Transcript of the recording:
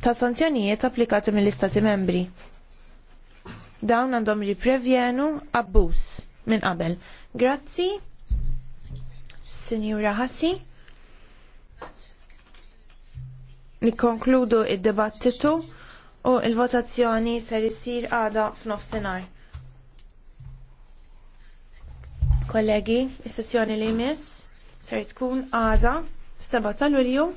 ta' sanzjonijiet applikati mill-Istati membri. Dawn għandhom riprevjenu abbuż minn qabel. Grazzi, Sinjura Hassi. Nikkonkludu id-debattitu u l votazzjoni ser isir għada f'nofsinhar. Kollegi, is-sessjoni li jmiss ser tkun għada f'seba' tal Ulju?